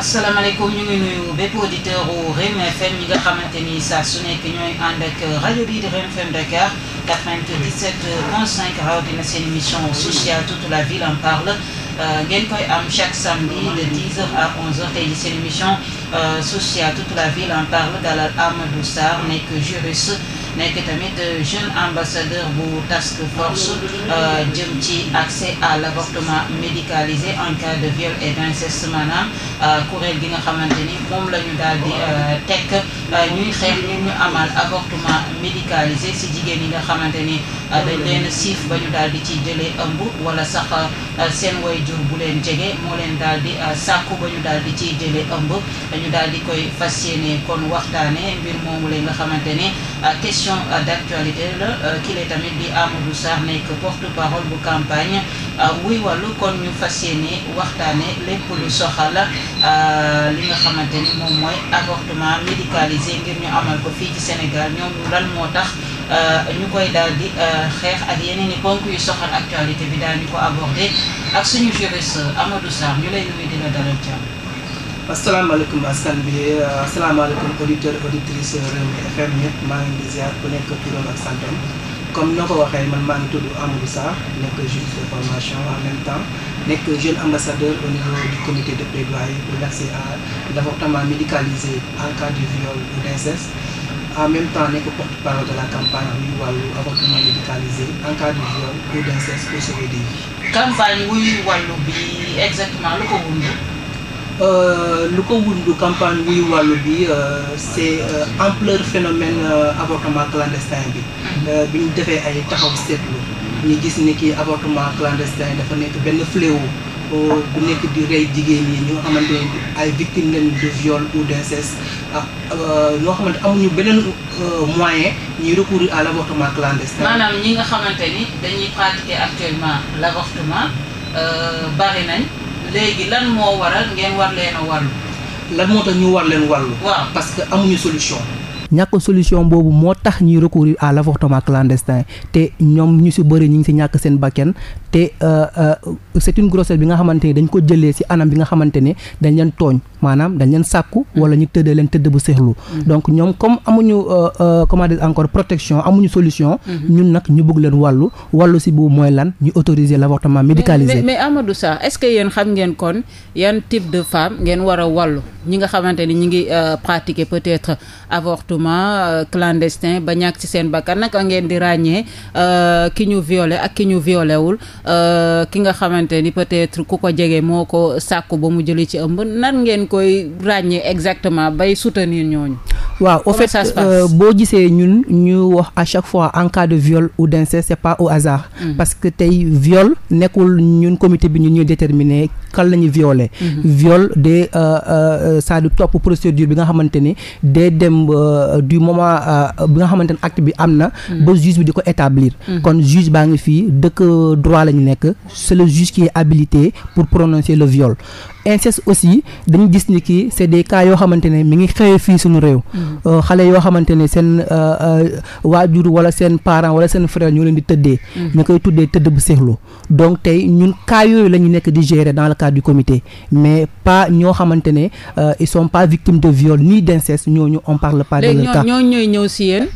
asalaamaaleykum ñu ngi nuyu bépp ñi nga xamante ni saa su nekk ñooy rajo bii di Rewmi FM Dakar 97.5 rawatina seen émission sociale toute la ville en parle euh, ngeen koy am chaque samedi de tey seen émission euh, sociale toute la ville en parle dalal Amadou Sarr nekk juriste nekk tamit euh, jeune ambassadeur bu task force euh, jëm ci accès à l'avortement médicalisé en cas de viol et d'inceste maanaam euh, kuréel gi nga xamante ni moom la ñu daal di tekk ñuy xeex ñun ñu amal avortement médicalisé si jigéen yi nga xamante ni dañ leen siif ba ñu daal di ci jëlee ëmb wala sax seen wayjur bu leen jege moo leen daal di sàkku ba ñu daal di ciy jëlee ëmb dañu daal di koy fas yéene kon waxtaane mbir moomu la nga xamante ni question d'actualité la euh, kii la tamit di Amadou Sarr nekk porte-parole bu campagne euh, wuy wàllu kon ñu fas yéene waxtaane lépp lu soxal euh, li nga xamante ni moom mooy avortement médicalisé ngir ñu amal ko fii ci Sénégal ñoom lan moo tax ñu koy daal di xeex ak yeneen i ponk yu soxal actualité bi daal ñu ko abordé ak suñu juriste Amadou Sarr ñu lay nuyu dina la dalal jàmm asalaamaaleykum askan bi asalaamaaleykum auditeur auditrice Rewmi FM ñëpp maa ngi di ziar ku nekk turam ak santam comme noo ko waxee man maa ngi tudd Amadou Sarr nekk juriste de formation en même temps nekk jeune ambassadeur au niveau du comité de plaidoyer pour l'accès à l'avortement médicalisé en cas de viol ou en même temps nekk porte-parole de la campagne wuy wàllu avortement médicalisé en cas de viol ou d'inceste pour sauver des vies campagne wuy wàllu Euh, lu ko wundu campagne buy wàllu bi euh, c'est euh, ampleur phénomène abortement clandestin bi mm-hmm. bi ñu defee ay taxaw seetlu ñu gis ni ki avortement clandestin dafa nekk benn fléau bu nekk di rey jigéen yi ñoo xamante ne ay victimes lañu de viol ou d'inceste ah, ñoo xamante amuñu beneen moyen ñuy recourir à l'avortement clandestin maanaam ñi nga xamante ni dañuy pratiquer actuellement l'avortement bari nañ léegi lan moo waral ngeen war leen a lan moo tax ñu war leen wàllu. waaw parce que amuñu solution. ñàkk solution boobu moo tax ñuy recourir à l' clandestin te ñoom ñu si bëri ñu ngi ñàkk seen bakken te euh, euh, c' est bi nga xamante ni dañ ko jëlee si anam bi nga xamante ne dañ leen tooñ maanaam dañ leen sàkku wala ñu tëddee leen tëdd bu seexlu mm-hmm. donc ñoom comme amuñu euh, comment dire encore protection amuñu solution mm-hmm. ñun nag ñu bëgg leen wàllu wàllu si boobu mooy lan ñu autoriser l' avortement médicalisé mais Amadou Sarr est ce que yéen xam ngeen kon yan type a wàllu ñi ni ñi ngi avortement euh, clandestin ba ñàkk ci seen bakkan naka ngeen di ràññee euh, ki ñu violé ak ki ñu violé euh, ki nga xamante ni peut-être ku ko jege moo ko sàkku ba mu jëli ci ëmb nan ngeen koy ràññee exactement bay soutenir ñooñu. waaw au fait boo gisee ñun ñu wax à chaque fois en cas de viol ou d'inceste c'est pas au hasard. Mm-hmm. parce que tey viol nekkul ñun comité bi ñu ñuy déterminer kan la ñu violé. Mm-hmm. viol de ça du topp procédure bi nga xamante ni day dem. Euh, du moment euh, bi nga xamante ne acte bi am na. Mm. ba juge bi di ko établir. Mm. kon juge baa ngi fii dëkk droit la ñu nekk c'est le juge qui abilité pour prononcer le viol. inceste aussi dañu gis ni kii c' est des cas yoo xamante ne mi ngi xëyee fii suñu réew mm-hmm. euh, xale yoo xamante ne seen euh, euh, waajur wala seen parent wala seen frère ñoo leen di tëddee mm-hmm. ñu koy tuddee tëdd bu seexlu donc tey ñun cas yooyu la ñu nekk di gérer dans le cadre du comité mais pas ñoo xamante ne ils sont pas victimes de viol ni d' inceste ñooñu on parle pas de leur cas ñooñu ñooy ñëw si yéen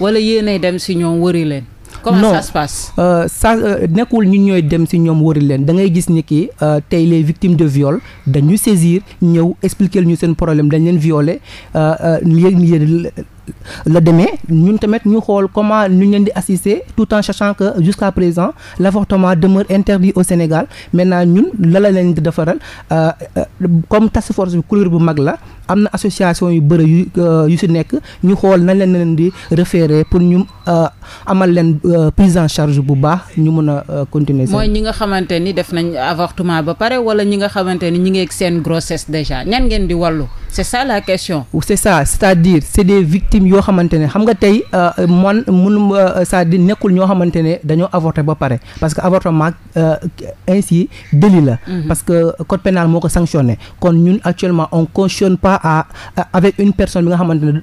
wala yéenay dem si ñoom wari leen comment non. ça se passe euh, ça euh, nekkul ñun ñooy dem si ñoom wëri leen da ngay gis ni ki euh, tey les victimes de viole dañu saisir ñëw expliquer ñu seen problème dañ leen violer léegi euh, la demee ñun tamit ñu xool comment ñu leen di assister tout en sachant que jusqu'à présent l'avortement demeure interdit au Sénégal maintenant ñun la la leen di defaral comme task force bi kuréel bu mag la am na association yu bëri yu euh, yu si nekk ñu xool nañ leen leen di référé pour ñu euh, amal leen euh, prise en charge bu baax ñu mën a continuer. mooy ñi nga xamante ni def nañ avortement ba pare wala ñi nga xamante ni ñi ngi seen grossesse déjà ñan ngeen di wàllu c'est ça la question. c'est ça c'est-à-dire c'est des victimes yoo xamante ne xam nga tey man mun c'est-à-dire nekkul ñoo xamante ne dañoo avorté ba pare parce que avortement ainsi délit la. Mm-hmm. parce que code pénal moo ko sanctionné kon ñun actuellement on cautionne pas. à avec une personne bi nga xamante ne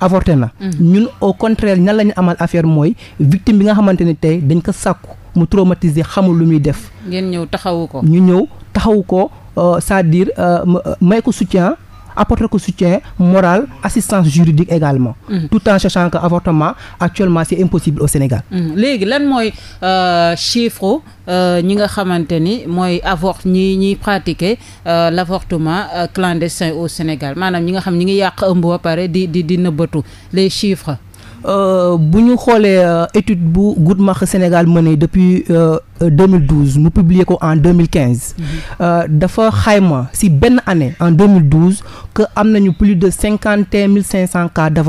avorté na. Mm-hmm. ñun au contraire nan la ñu amal affaire mooy victime bi nga xamante ne tey dañ ko sàkku mu traumatisé xamul lu muy def. ngeen ñëw taxawu ko. ñu ñëw taxawu ko euh, c'est-à-dire euh, may ko soutien. apporter ko soutien moral assistance juridique également. Mmh. tout en sachant que avortement actuellement c'est impossible au Sénégal. Mm-hmm. léegi lan mooy euh, chiffre euh, ñi nga xamante ni mooy avort ñi ñiy pratiquer euh, l'avortement clandestin au Sénégal maanaam ñi nga xam ñi ngi yàq ëmb ba pare di di di nëbbatu les chiffres. Euh, bu ñu xoolee euh, étude bu Goodmark Sénégal menée depuis 2012 euh, mu publier ko en 2015 mhm. dafa xayma si benn année en 2012 que am nañu plus de cinquante mille cinq cent cas d'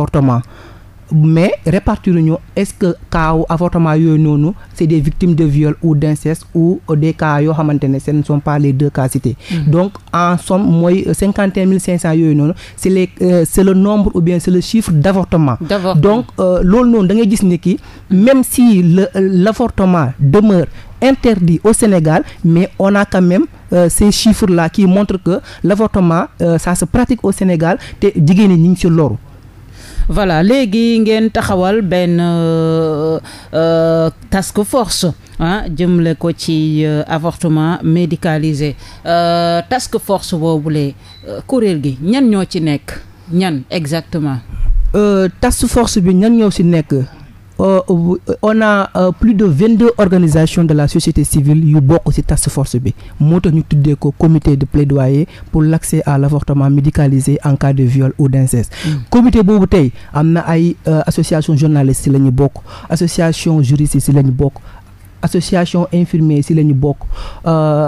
mais répartir ñu est-ce que cas wu avortement yooyu noonu c'est des victimes de viol ou d'inceste ou des cas yoo xamante ne ce ne sont pas les deux cas cités. Mm. donc en somme mooy cinquante mille cinq cent yooyu noonu c'est les euh, le nombre ou bien c'est le chiffre d'avortement. donc euh, loolu noonu da ngay gis ni ki même si le l'avortement demeure interdit au Sénégal mais on a quand même euh, ces chiffres là que l'avortement euh, ça se pratique au Sénégal te jigéen ñi ñu ngi ci loru. voilà léegi ngeen taxawal benn euh, euh, task force ah jëmle ko ci euh, avortement médicalisé task force boobule kuréel gi ñan ñoo ci nekk ñan exactement. task force bi ñan ñoo ci nekk. Euh, euh, on a euh, plus de vingt deux organisations de la société civile yu bokk ci task force bi moo tax ñu tuddee ko comité de plaidoyer pour l' accès à l' avortement médicalisé en cas de viol ou d' mm. comité boobu tey am na ay association journaliste ci la ñu bokk association juriste ci la ñu bokk association infirmier ci la ñu bokk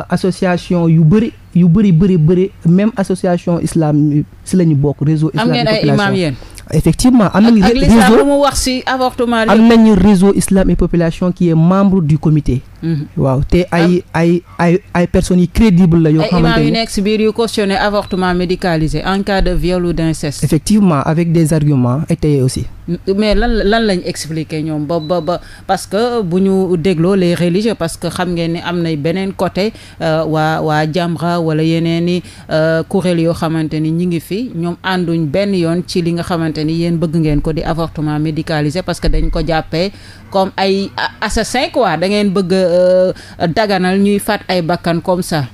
association yu bëri yu bëri bëri bëri même association islam ci la ñu bokk réseau islam am ngeen ay imam yéen effectivement am nañu. réseau mu wax ci avortement am nañu réseau islam et population qui est membre du comité. Mm-hmm. waaw te ay ay ay ay personnes yi crédibles la. yoo xamante ne ay imam yu nekk ci biir yu cautionné avortement médicalisé en cas de viol ou avec des arguments étayés aussi. mais lan lan lañ expliquer ñoom ba ba ba parce que bu ñu dégloo les religieux parce que xam ngeen ni am nay beneen côté euh, waa waa Jamra wala yeneen i euh, kuréel yoo xamante ni ñi ngi fi ñoom ànduñ benn yoon ci li nga xamante ni yéen bëgg ngeen ko di avortement médicalisé parce que dañ ko jàppee comme ay assassin quoi da ngeen bëgg euh, daganal ñuy faat ay bakkan comme ça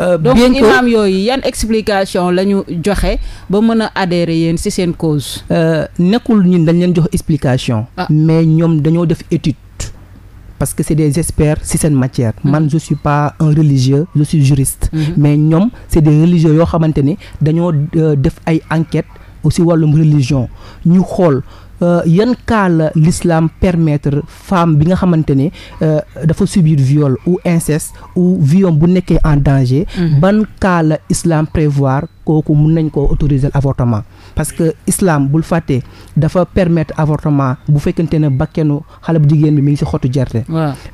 Euh, donc imam yooyu yan explication la ñu joxe ba mën a adhérer yéen ci seen cause. Euh, nekkul ñun dañ leen jox explication. Ah. mais ñoom dañoo def étude. parce que c'est des experts ci seen matière. Mm-hmm. man je suis pas un religieux je suis juriste. Mm-hmm. mais ñoom c'est des religieux yoo xamante ni dañoo euh, def ay enquêtes aussi wàllum religion ñu xool. Euh, yan cas lislaam l'islam permettre femme bi nga xamante ne euh, dafa subir viol ou inceste ou viol bu nekkee en danger mhm. ban kaala la prévoir kooku mun nañ koo autoriser avortement parce que islam bul fàtte dafa permettre avortement bu fekkente ne bakkenu xale bu jigéen bi mi ngi si xottu jerte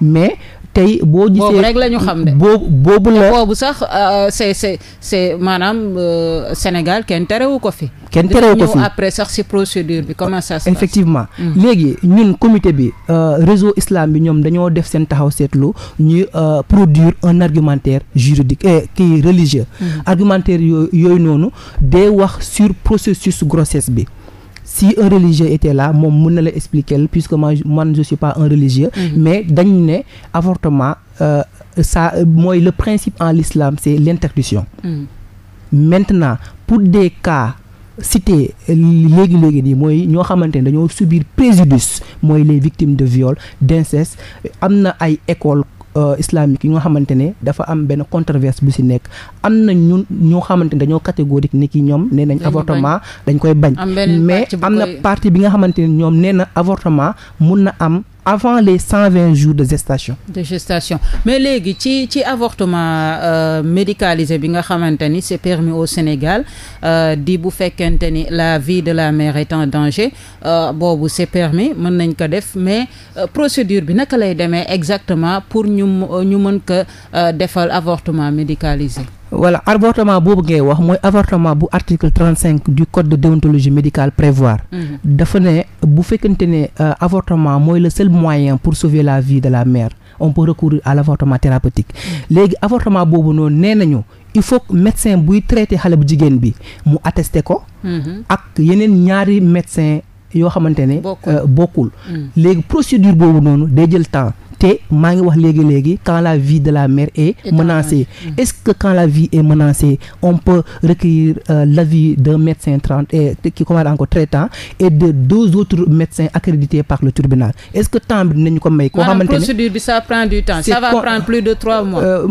mais tey boo gisee boobu rek la ñu xam de. boobu boobu la sax euh, c'est c'est c'est maanaam euh, Sénégal kenn terewu ko fi. kenn terewu ko fi après sax si bi comment ça effectivement mm. léegi ñun comité bi euh, réseau islam bi ñoom dañoo def seen taxaw seetlu ñuy produire un argumentaire juridique kii religieux. Mm. argumentaire yooyu yooyu noonu day wax sur processus grossesse bi. si un religieux était là moom mun na la expliquer puisque moi man je suis pas un religieux mm-hmm. mais dañ ne avortement euh, ça mooy le principe en l'islam c'est l'interdiction mm maintenant pour des cas cités léegi-léegi nii mooy ñoo xamante ne dañoo subir préjudice mooy les victimes de viol d'inceste am na ay écoles Euh, islamique yi nga xamante ne dafa am benn controverse bu si nekk am na ñun ñoo xamante ne dañoo catégorique ni ki ñoom nee nañ avortement dañ koy bañ mais am na partie bi nga xamante ne ñoom nee na avortement mun na am avant les cent vingt jours de gestation. de gestation mais léegi ci ci avortement euh, médicalisé bi nga xamante ni c'est permis au Sénégal euh, di bu fekkente ni la vie de la mère est en danger euh, boobu c'est permis mën nañ ko def mais euh, procédure bi naka lay demee exactement pour ñu ñu mën ko euh, defal avortement médicalisé. voilà avortement boobu ngay wax mooy avortement bu article trente cinq du code de déontologie médicale prévoir. Mhm. dafa ne bu fekkente ne euh, avortement mooy le seul moyen pour sauver la vie de la mère on peut recourir à l' thérapeutique mhm. léegi avortement boobu noonu nee nañu il faut que médecin buy traité xale bu jigéen bi mu attesté ko. Mhm. ak yeneen ñaari médecin yoo xamante ne. bokkul euh, léegi procédure boobu noonu day jël temps. te maa ngi wax léegi léegi quand la vie de la mère est menacée mm. est-ce que quand la vie est menacée on peut recueillir euh, l'avis d'un médecin trente et qui commande encore temps et de deux autres médecins accrédités par le turbinal est-ce que temps bi dinañu ko may. koo xamante ne procédure bi ça prend du temps. ça va prendre plus de euh,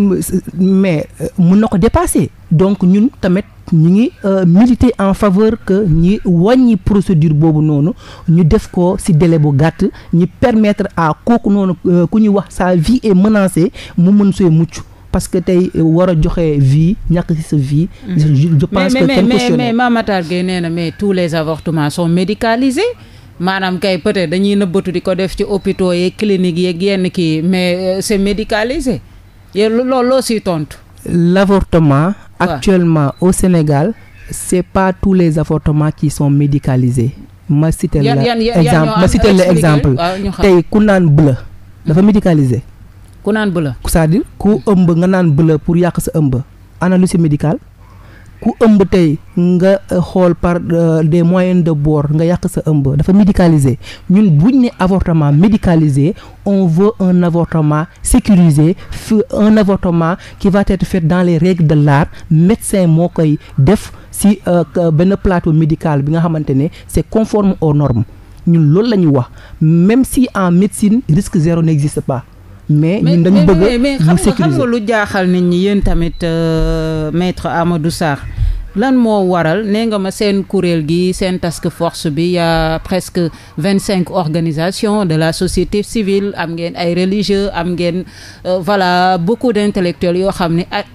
mais euh, mun na ko dépasser donc ñun tamit. ñi ngi euh, militer en faveur que ñi wàññi procédure boobu noonu ñu def ko ci délai bu gàtt ñi permettre à kooku noonu euh, ku ñu wax sa vie est menacée mu mën see mucc parce que tey euh, war a joxe vie ñàkk ci sa vie. Mm. je pense que kenn cautionné mais mais Mame Matar Gueye nee na mais tous les avortements sont médicalisés. maanaam kay peut-être dañuy nëbbatu di ko def ci hôpitaux yeeg cliniques yeeg yenn kii mais c'est médicalisé yow loolu loo siy tontu. l'avortement actuellement au Sénégal c'est pas tous les avortements qui son médicalisés ma cité la exemple ma cité la exemple tay ku naan bleu dafa médicalisé ku naan bleu cest à ku ëmb nga naan bleu pour yàq sa ëmb ana lu médical ku ëmb tey nga euh, xool par euh, des moyens de bord nga yàq sa ëmb dafa médicaliser ñun buñ ne avortement médicalisé on veut un avortement sécurisé un avortement qui va être fait dans les règles de laar médecin moo koy def si euh, benn plateau médical bi nga xamante ne c'est conforme au norme ñun loolu la ñu wax même si en médecine risque zéro n'existe pas mais ñun dañu bëgg mais xam lu jaaxal nit ñi yéen tamit euh, maître Amadou saax lan moo waral nee nga ma seen kuréel gi seen task force bi y'a presque vingt cinq organisation de la société civile am ngeen ay religieux am ngeen euh, voilà beaucoup d'intellectuels yoo xam ne ah,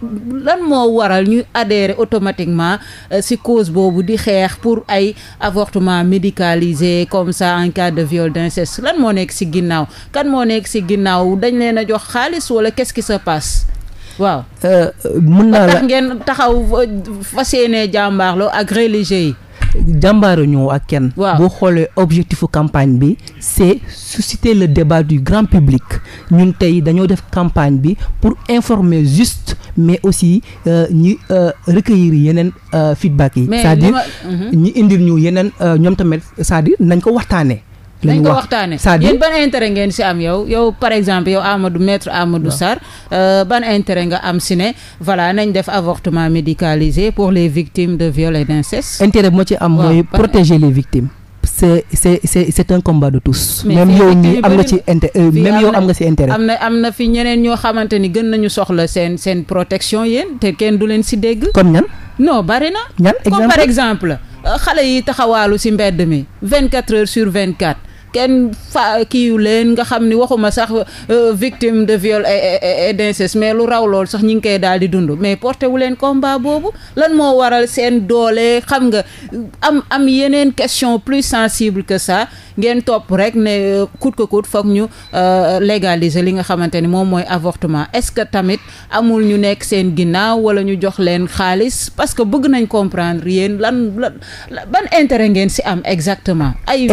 lan moo waral ñuy adhérer automatiquement ci euh, cause boobu di xeex pour ay avortement médicalisé comme ça en cas de viol d'inceste lan moo nekk ci ginnaaw kan moo nekk ci ginnaaw dañ leen a jox xaalis wala qu'est-ce qui se passe waaw euh, mun naa la ngeen taxaw fa yéene jàmbaarloo ak religieux yi. jàmbaaru ñëw ak kenn. waaw boo xoolee objectifu campagne bi c'est susciter le débat du grand public ñun tey dañoo def campagne bi pour informer juste mais aussi euh, ñi euh, recueillir yeneen feedback yi. c'est-à-dire mhm. ñi indil ñu yeneen ñoom tamit cest à nañ ko waxtaanee. dañ ko waxtaane yéen ban intérêt ngeen si am yow yow par exemple yow Amadou maître Amadou Sarr euh, ban intérêt nga am si ne voilà nañ def avoctement médicalisé pour les victimes de viol et d'inceste intérêt bu ma ci am mooy protéger les victimes c'est c'est c'est c'est un tous même yow am nga ci intérêt euh, même am nga ci intérêt am na am na fi ñeneen ñoo xamante ni gën nañu soxla seen seen protection yéen te kenn du leen si dégg comme ñan non bari na ñan exemple comme par exemple xale yi taxawaalu si mbedd mi vingt-quatre heures sur vingt-quatre kenn fa kiiw leen nga xam ni waxuma sax euh, victime de viol et d'inceste mais lu raw lool sax ñi ngi koy daal di dund mais porté wu leen combat boobu lan moo waral seen doolee xam nga am am yeneen question plus sensible que sax ngeen topp rek ne euh, coûte que coûte foog ñu euh, légaliser li nga xamante ni moom mooy avortement est-ce que tamit amul ñu nekk seen ginnaaw wala ñu jox leen xaalis parce que bëgg nañ comprendre yéen lan lan ban intérêt ngeen si am exactement ay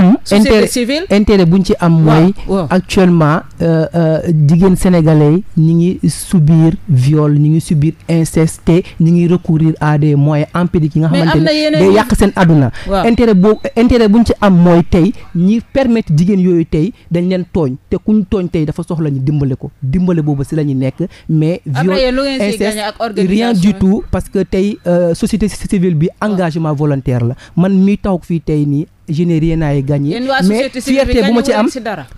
am intérêt intérêt bu ñu ci am mooy actuellement euh, euh, jigéen sénégalais ñi ngi subir viol ñi ngi subir inceste ñi ngi recourir à des moyens empiriques yi nga xamante ne day yàq seen àdduna intéret boo intérêt bu ñu ci am mooy tey ñi permettre jigéen yooyu tey dañ leen tooñ te kuñ tooñ tey dafa soxla ñu dimbale ko dimbale boobu si la ñu nekk mais viol inceste rien du tout parce que tey euh, société civile bi engagement volontaire la man mi taw fii tey nii je n'ai rien à y gagner mais fierté bu ci am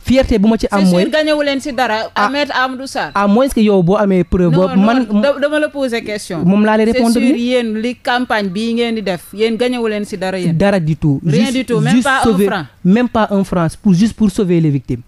fierté bu ci am mooy gagnewu leen dara Maître Amadou Sarr yow boo amee preuve man dama la poser question moom laa lay répondre c'est sûr yéen li dara du tout rien du tout pas un franc pour juste pour sauver les victimes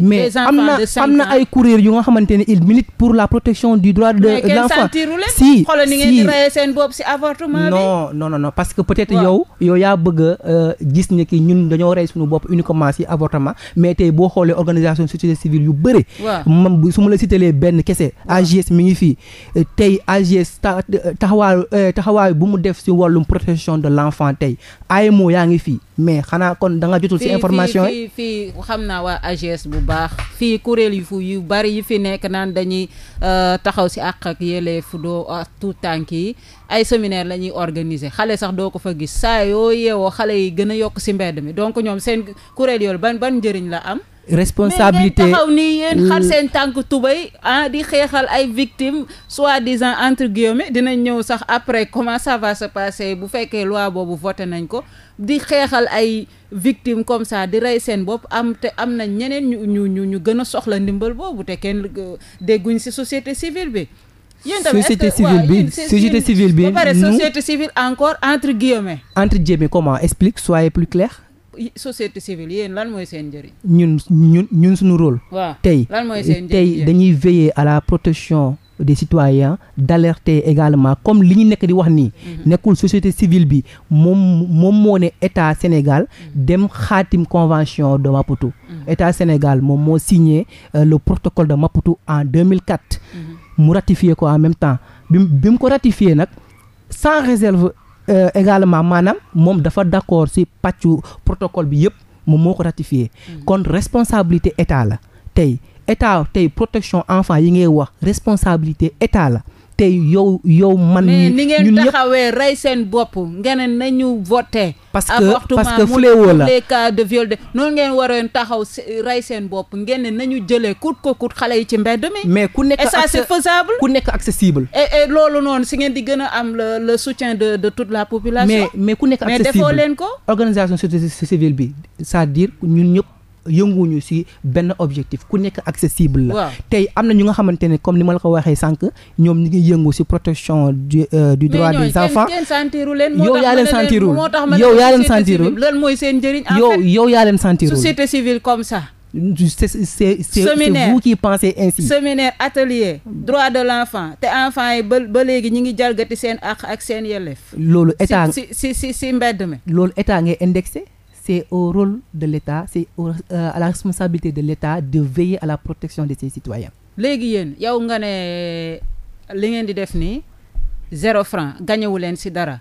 mais am na am na ay kuréel yu nga xamante ne il milite pour la protection du droit de l'enfant si si naxee seen bopp si avortement bi non non non parce que peut-être yow yow yaa bëgg euh, gis ne ki ñun dañoo rey suñu bopp uniquement si avortement mais tey boo xoolee organisation société civile yu bëri mam su ma la citalee benn kese AGS mi ngi fii euh, tey AGS taxawaayu euh, taxawaayu bu mu def si wàllum protection de l'enfant tey AEMO yaa ngi fii mais xanaa kon da nga jotul si information yi fii xam naa waa AGS bu baax fii kuréel yu fu yu bëri yi fi nekk naan dañuy taxaw si àq ak yelleefu doo tànk yi yi ay séminaire la ñuy organiser xale sax doo ko fa gis saa yoo yeewoo xale yi gën a yokk si mbedd mi donc ñoom seen kuréel yooyu ban ban njëriñ la am. responsabilité mais taxaw nii yéen xar seen tànk tubéy ah, di xeexal ay victimes soi-disant entre guillemets dinañ ñëw sax après comment ça va se passer bu fekkee loi boobu voté nañ ko di xeexal ay victimes comme ça di rey seen bopp am te am na ñeneen ñu ñu gën a soxla ndimbal boobu te kenn euh, dégguñ ci société civile bi. yéen tamit société civile bi société civile bi. ba société civile encore entre guillemets. entre guillemets comment explique soyez plus clair. société civile lan mooy seen njëriñ. ñun ñun ñun suñu rôle. waaw tey tey dañuy veiller à la protection des citoyens d'alerter également comme li ñu nekk di wax nii. Mhm. nekkul société civile bi moom moom moo ne état Sénégal mhm. dem xaatim convention de Maputo. Mhm. état Sénégal moom moo signé euh, le protocole de Maputo en 2004. mu ratifié ko en même temps bi bi mu ko ratifié nag sans réserve euh, également maanaam moom dafa d'accord ci pàccu protocole bi yëpp moom moo ko ratifié. Mm. kon responsabilité état la tey état tey protection enfant yi ngay wax responsabilité état la. tey yow yow man. ñun ni ngeen taxawee rey seen bopp ngeen ñu voté. parce que parce que fléau la les cas de viol de noonu ngeen waroon taxaw rey seen bopp ngeen na ñu jëlee kut ko kut xale yi ci mbedd mi. mais ku nekk et ça ku nekk accessible. et loolu noonu si ngeen di gën a am le le soutien de de toute la population. mais ku nekk accessible mais defoo leen ko. organisation société civile bi c'est-à-dire ñun ñëpp. yënguñu si benn objectif ku nekk accessible la wow. tey am na ñu nga xamante ne comme ni ma la ko waxee sànq ñoom ñu ngi yëngu si protection du euh, du droit des enfants yow yaa leen sentirul yow yaa leen sentirul lan mooy seen njëriñ yow yow yaa leen sentirul société civile comme ça c'est c'est c'est vous qui pensez ainsi séminaire atelier droit de l'enfant te enfant yi ba ba léegi ñu ngi jalgati seen àq ak seen yelleef loolu état si si si mi loolu état ngay indexé c'est au rôle de l'État, c'est euh, à la responsabilité de l'État de veiller à la protection de ses citoyens. léegi yéen yow nga ne li ngeen di def nii zéro franc gañewu leen si dara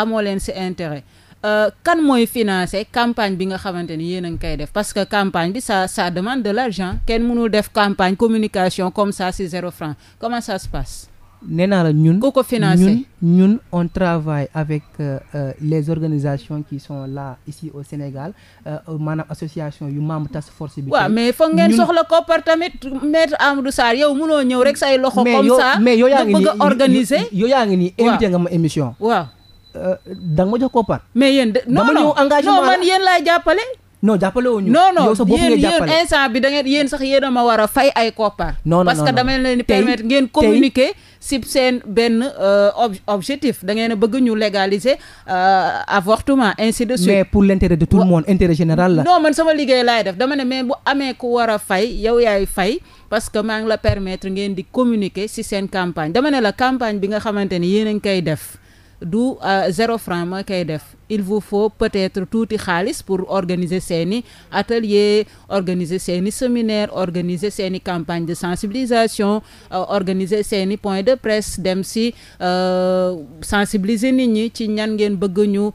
amoo leen ci intérêt euh, kan mooy financer campagne bi nga xamante ni yéen a koy def parce que campagne bi ça ça demande de l'argent kenn mënul def campagne communication comme ça ci zéro franc comment ça se passe. nee naa la ñun. ku ko financé ñun ñun on travaille avec euh, euh, les organisations qui sont la ici au Sénégal euh, maanaam association yu maam task force bi. waaw mais foog ngeen soxla koppar tamit maître Amadou Sarr yow mënoo ñëw rek say loxo. comme ça mais yow yaa ngi nii organiser. yaa ngi nii nga ma émission. waa da nga jox koppar. mais yéen de non man yéen laay jàppale. non jàppale woo ñu. non instant bi dangeen ngeen yéen sax yéen a ma war a fay ay koppar. non parce que dama leen di permettre ngeen communiquer si seen benn euh, objectif da ngeen a bëgg ñu légaliser euh, avortement ainsi de suite. mais pour l'intérêt de tout moon monde intérêt général la. non man sama liggéey laay def dama ne mais bu amee ku war a fay yow yaay fay. parce que maa ngi la permettre ngeen di communiquer ci seen campagne dama ne la campagne bi nga xamante ni yéen a ngi koy def du euh, zéro franc ma koy def il vous faut peut-être tuuti xaalis pour organiser seeni atelier organiser seeni séminaire organiser seeni campagne de sensibilisation euh, organiser seeni point de presse dem si euh, sensibiliser nit ñi ci ñan ngeen bëgg ñu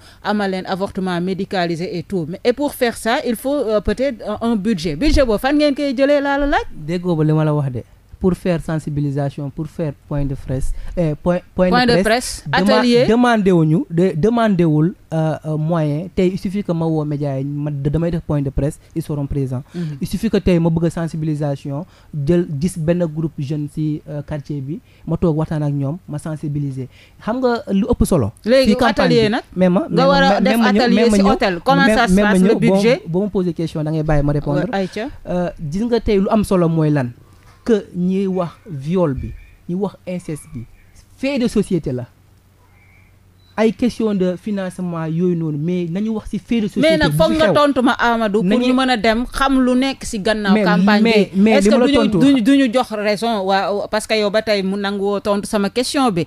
leen avortement médicaliser et tout mais et pour faire sa il faut peut-être un budget budget boobu fan ngeen koy jëlee laal la laaj déggoo ba li ma la wax de pour fair sensibilisation pour faire point de presse. Eh, point point, point de, de presse atelier demandé de demandé euh, euh, moyen tey il suffit que ma woo média yi ma damay def point de presse ils seront présents. Mhm. il suffit tey ma bëgg sensibilisation jël gis benn groupe jeune ci euh, quartier bi ma toog waxtaan ak ñoom ma sensibiliser xam nga lu ëpp solo. léegi atelier nag mais ma nga war a def atelier ci hôtel comment ça se passe le budget. boo ma posé question da bàyyi ma répondre gis nga tey lu am solo mooy lan. que ñiy wax viole bi ñi wax inceste bi fait de société la ay question de financement yooyu noonu mais nañu wax ci fait de société mais nag foog nga tontu ma Amadou pour ñu mën a dem xam lu nekk ci gannaaw campagne bi mais est duñu jox raison waa parce que yow ba tey mu nangu woo tontu sama question bi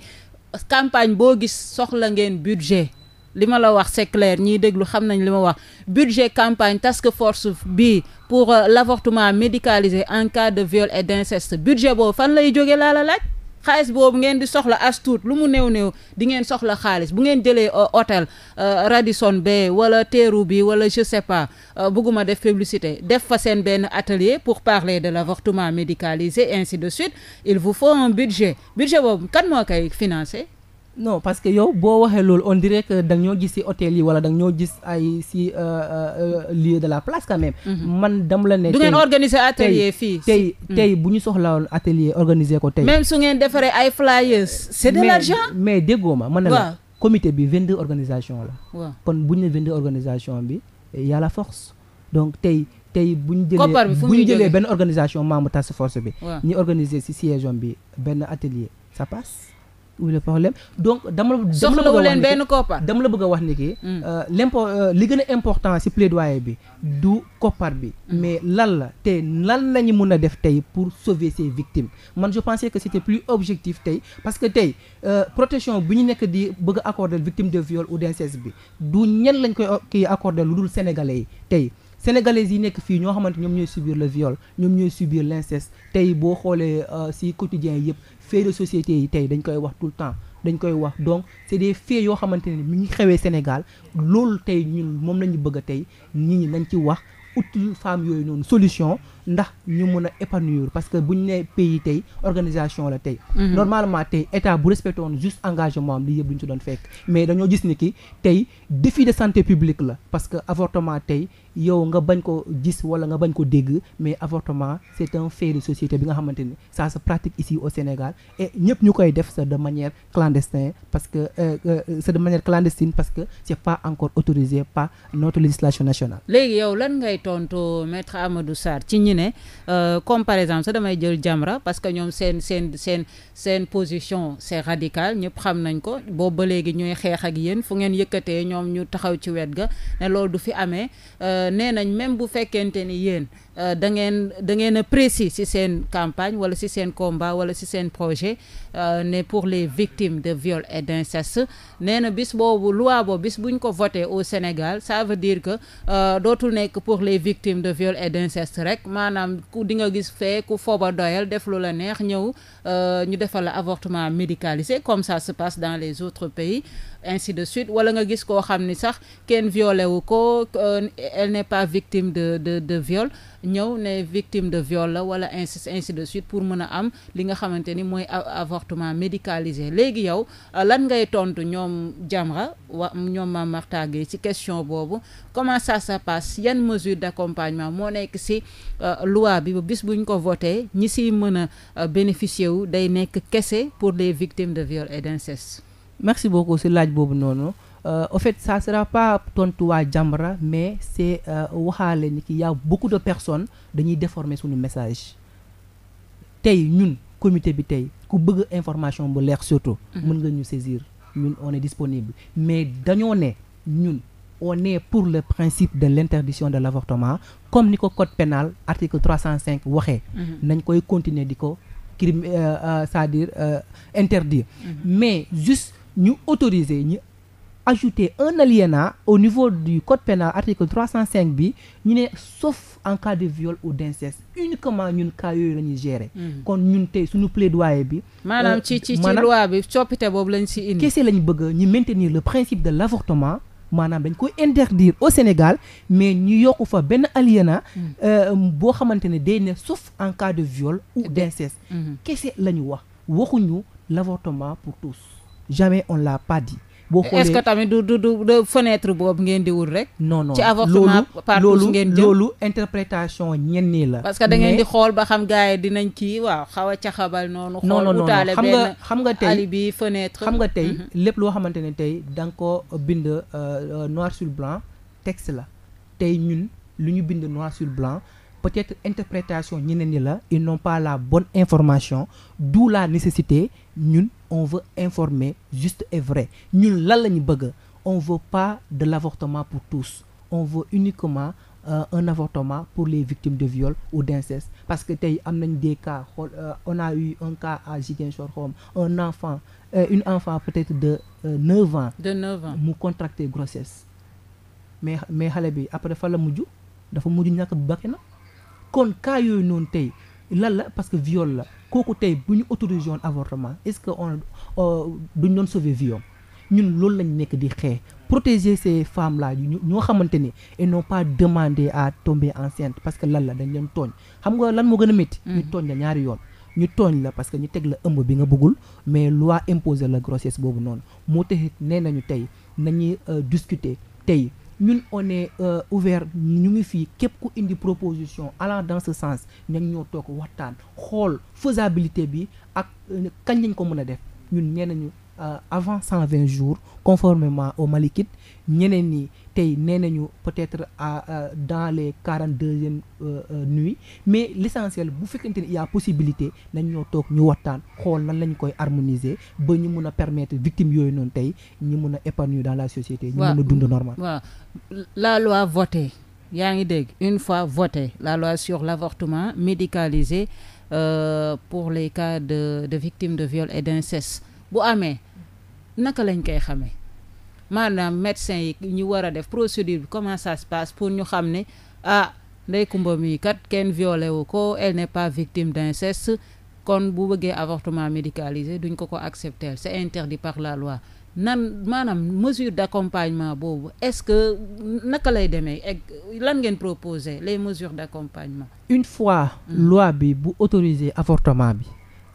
campagne boo gis soxla ngeen budget li ma la wax c'est ñii déglu xam nañ li ma wax budget campagne task force bi pour euh, l'avortement médicalisé en cas de viol et d'inceste budget boobu fan lay jóge laa la laaj xaalis boobu ngeen di soxla astuut lu mu néew néew di ngeen soxla xaalis bu ngeen jëlee euh, hôtel euh, Radisson Bay wala teeru bi wala je sais pas bëgguma def publicité def fa seen benn atelier pour parler de l'avortement médicalisé ainsi de suite il vous faut un budget budget boobu kan moo koy non parce que yow boo waxee loolu on dirait que da ñoo gis si hôtel yi wala da ñoo gis ay si euh, euh, euh, lieu de la place quand même. Mhm. man dam la ne. du ngeen organiser atelier fii. tey mhm. tey bu ñu soxla soxlawoon atelier organiser ko tey. même ngeen defaree ay flyers. c'est mais déggoo ma man ne la comité bi 22 organisation la. kon bu ñu ne 22 organisation bi yàlla a force donc tey. tey bu ñu jëlee bu ñu jëlee benn organisation membre task force bi. ñu organiser ci siège bi benn atelier ça passe. où est le donc dama dama la bëgg a wax benn koppar dama la bëgg a wax ni ki mm. euh, l'impor euh, li gën a important ci plaidoyer bi du koppar bi mm. mais lan la te lan lañu mën a def tey pour sauver ces victimes man je pensais que c'était plus objectif tey parce que tey euh, protection bi ñu nekk di bëgg a accorder victime de viol ou d'inceste bi du ñen lañ koy kii accorder lu dul sénégalais yi tey sénégalaises yi nekk fii ñoo xamante ñoom ñooy subir le viol ñoom ñooy subir l'inceste tey boo xoolee ci euh, quotidien yëpp faits de société yi tey dañ koy wax tout le temps dañ koy wax donc c'est des faits yoo xamante ne mi ngi xewee Sénégal loolu tey ñun moom la ñu bëgg a tey nit ñi nañ ci wax outil femmes yooyu noonu solution ndax ñu mun a épanouir parce que bu ñu nee pays tey organisation la tey. Mhm. normalement tey état bu respecté woon juste engagement am lii yëpp du ñu si doon fekk. mais dañoo gis ni tey défi de santé publique la parce que avortement tey yow nga bañ ko gis wala nga bañ ko dégg mais avortement c' est un fait de société bi nga xamante ni ça se pratique ici au Sénégal et ñëpp ñu koy def sa de manière clandestine parce que c' euh, est euh, de manière parce que c' pas encore autorisé par notre législation ñu ne euh, comme par exemple sa damay jël Jamra parce que ñoom seen seen seen seen position c'est radical ñëpp xam nañ ko boobu ba léegi ñooy xeex ak yéen fu ngeen yëkkatee ñoom ñu taxaw ci wet ga ne loolu du fi amee euh, nee nañ même bu fekkente ni yéen Euh, da ngeen da ngeen a précis ci seen campagne wala ci seen combat wala ci seen projet euh, ne pour les victimes de viol et d'inceste nee na bis boobu loi boobu bis buñ ko voté au Sénégal ça veut dire que euh, dootul nekk pour les victimes de viole et d'inceste rek maanaam ku di nga gis fee ku fooba doyal def lu la neex ñëw ñu defal la avortement médicalisé comme ça se passe dans les autres pays inci de suite wala nga gis koo xam ni sax kenn violé wu ko euh, elle n'est pas victime de de de viol ñëw ne victime de viol la wala ainsi ainsi de suite pour mën a am li nga xamante ni mooy avortement médicalisé léegi yow euh, lan ngay tontu ñoom Jamra wa ñoom Mame Mactar Guèye ci question boobu comment ça se passe yan mesure d'accompagnement moo nekk ci euh, loi bi ba bis buñ ko voté ñi ci mën a bénéficier wu day nekk kese pour les victimes de viol et d'inceste merci beaucoup si laaj boobu noonu euh, au fait ça sera pas tontu waa Jamra mais c'est euh, waxaale ni ki y a de personnes dañuy déformer suñu message tey ñun comité bi tey ku bëgg information bu leer surtout mhm. mën nga ñu saisir ñun on est disponible mais dañoo ne ñun on est pour le principe de l'interdiction de l'avortement comme ni ko code pénal article 305 waxee mhm. nañ koy continuer di ko crime euh, c'est-à-dire interdire mhm. mais juste ñu autoriser ñu ajouter en alinéa au niveau du code pénal article 305 bi ñu ne sauf en cas de viol ou d'inceste uniquement ñun cas yooyu la ñuy gérer. Mm-hmm. kon ñun tey suñu plaidoyer bi. maanaam euh, ci ci ci loi bi coppite boobu lañ ci indi. kese lañ bëgg ñu maintenir le principe de l'avortement maanaam dañ koy interdire au Sénégal mais ñu yokku fa benn alinéa mm-hmm. euh, boo xamante ne day ne sauf en cas de viol ou d'inceste. Mm-hmm. kese la ñu wax waxuñu l'avortement pour tous. jamais on l'a pas dit. boo xoolee est-ce que tamit du du fenêtre boobu ngeen di wul rek. non non ci avortement ngeen jëm loolu interprétation ñenn la. parce que da ngeen di xool ba xam gars dinañ kii waaw xaw a caxabal noonu. non non non xam nga xam nga tey ali bi xam nga tey mhm. lépp loo xamante ne tey da ko bind euh, euh, noir sur blanc texte la tey ñun lu ñu bind noir sur blanc. peut-être interprétation ñeneen ñi la ils non pas la bonne information d'où la nécessité ñun on veu informer juste et vrai ñun lan la ñu bëgg on veut pas de l'avortement pour tous on veut uniquement euh, un avortement pour les victimes de viol ou d'inceste parce que tey am nañ des cas xool euh, on a eu un cas à Ziguinchor xoom un enfant euh, une enfant peut-être de euh, neuf ans de neuf mu contracté grossesse mais mais xale bi après fa la mujj dafa mujj ñàkk bu bakke na kon cas yooyu noonu tey lan la parce que viol la kooku tey bu ñu autorisé woon avortement est-ce que on euh, duñ doon sauver vie ñun loolu lañ nekk di xee protéger ces femmes là ñoo xamante ni et non pas demander à tomber enceinte parce que lan la dañ leen tooñ xam nga lan moo gën a métti mm. ñu tooñ la ñaari yoon ñu tooñ la parce que ñu teg la ëmb bi nga bëggul mais loi imposer la grossesse boobu noonu moo taxit nee nañu tey nañuy euh, discuter tey ñun on est euh, ouvert ñu ngi fii képp ku indi proposition allant dans ce sens nañ ñoo toog waxtaan xool faisabilité bi ak euh, kañ nañ ko mën a def ñun ñeneen ñu euh, avant cent vingt jours conformément au Malikite ñeneen ñi tey nee nañu peut-être à dans les quarante deuxième euh, euh, nuit mais l'essentiel bu fekkente ni il possibilité nañ ñoo toog ñu waxtaan xool nan lañ koy harmoniser ba ñu mun a permettre victimes yooyu noonu tey ñu mun a épanouir dans la société. ñu mun a dund normal. la loi voté yaa ngi dégg une fois votée la loi sur l'avortement médicalisé euh, pour les cas de de victimes de viol et d'inceste bu amee naka lañ koy xamee. maanaam médecin yi ñu war a def procédure bi comment ça se pour ñu xam ne ah Ndeye Comba mi kat kenn violé wu ko elle n'est pas victime d'inceste kon bu bëggee avortement médicalisé duñ ko ko accepte accepter c'est interdit par la loi nan maanaam mesure d'accompagnement boobu est-ce que naka lay demee ak lan ngeen proposer les mesures d'accompagnement une fois mmh. loi bi bu autoriser avortement bi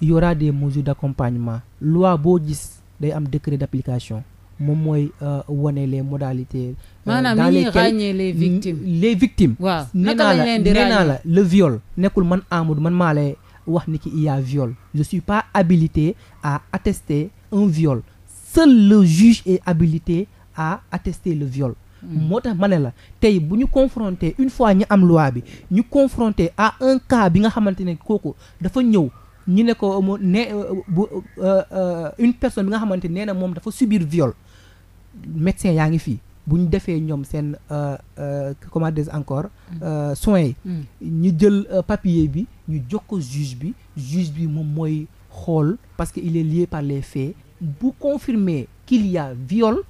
il y aura des mesures d'accompagnement loi boo gis day am décret d'application moom mooy euh, wane les modalités. Euh, maanaam dans lesquelles maanaam ràññee les victimes. les victimes. waaw naka la nee la le viol nekkul man Amadou man maa lay wax ni ki il y a viol je suis pas habilité à attester un viol seul le juge est habilité à attester le viol. Hmm. moo tax ma ne la tey bu ñu confronté une fois ñu am loi bi ñu confronté à un cas bi nga xamante ne kooku dafa ñëw ñu ne ko mu ne euh, bu une personne bi nga xamante nee na moom dafa subir viol. médecin yaa ngi fii bu ñu defee ñoom seen euh, euh, comment dire encore mm. euh, soins yi mm. ñu jël papier bi ñu jox ko juge bi juge bi moom mooy xool parce que il est lié par les faits bu confirmer qu'il y viol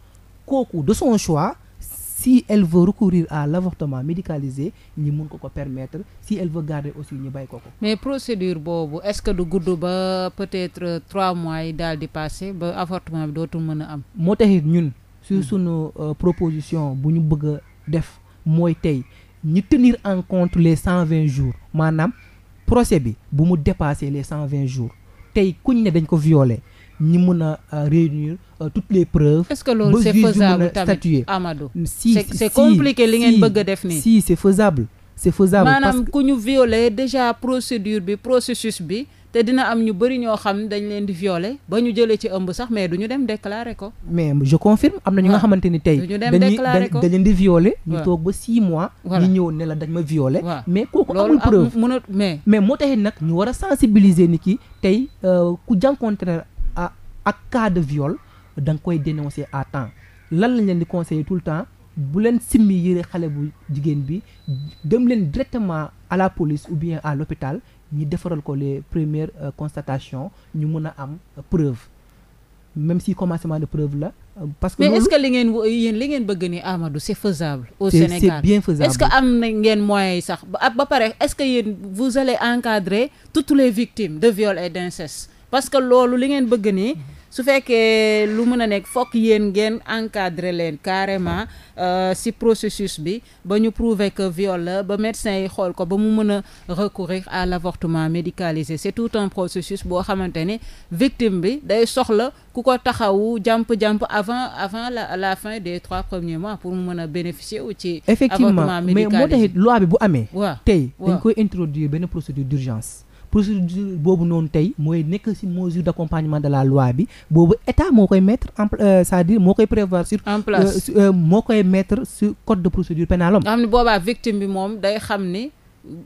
kooku de son choix si elle veut recourir à l'avortement médicalisé ñi mun ko ko permettre si elle veut aussi ñu bay ko ko mais procédure boobu est-ce que du gudd ba peut-être trois mois yi daal di passé ba avortement bi dootul mën a am moo taxit ñun su hmm. sunu euh, proposition bu ñu bëgg def mooy tey ñu tenir en compte les cent jours maanaam procès bi bu mu dépasser les cent vingt jours tey kuñ ne dañ ko violer ñi mun a euh, réunir euh, toutes les preuves. est-ce que loolu c'est faisable tamit Amadou. si li ngeen bëgg a def nii. si c'est faisable c'est faisable. maanaam ku ñu violer déjà procédure bi processus bi. te dina am ñu bëri ñoo xam dañ leen di violer ba ñu jëlee ci ëmb sax mais du ñu dem déclarer ko. mais je confirme am na ñu nga ah. xamante ni tey. du ñu dem déclarer ko dañ leen di violer. ñu toog ba 6 mois. ñu ñëw ne la dañ ma violer. mais kooku amul preuve loolu mais. mais moo taxit nag ñu war a sensibiliser nit ki tey euh, ku jànkoonte ak cas de viol da nga koy dénoncer à temps lan lañ leen di conseiller tout le temps. bu leen simmi yére xale bu jigéen bi dem leen directement à la police ou bien à l'hôpital ñi defaral ko les premières euh, constatations ñu mun a am euh, preuve même si commencement de preuve la. Euh, parce que mais ce que li ngeen yéen li ngeen bëgg nii Amadou c'est faisable. au Sénégal est-ce que am na ngeen moyens yi sax ba ah, ba pare est-ce que yéen vous allez encadrer toutes les victimes de viol et d'inceste parce que loolu li ngeen bëgg nii su fekkee lu mën a nekk fokk yéen ngeen encadrer leen carrément euh, si processus bi ba ñu prouve que viol la ba médecin yi xool ko ba mu mën a recourir à l' avortement médicalisé c' tout un processus boo xamante ni victime bi day soxla ku ko taxawu jàmp-jàmp avant avant la la fin de trois premiers mois pour mu mën a bénéficier wu ci effectivement mais moo taxit loi bu amee waaw tey dañ koy introduire benn procédure d' urgence procédure boobu noonu tey mooy nekk ci mesure d' accompagnement de la loi bi boobu état moo koy mettre en euh, cest à moo koy prévoir sur en place euh, euh, moo koy mettre sur code de procédure pénale am nga xam ne boobaa victime bi moom day xam ni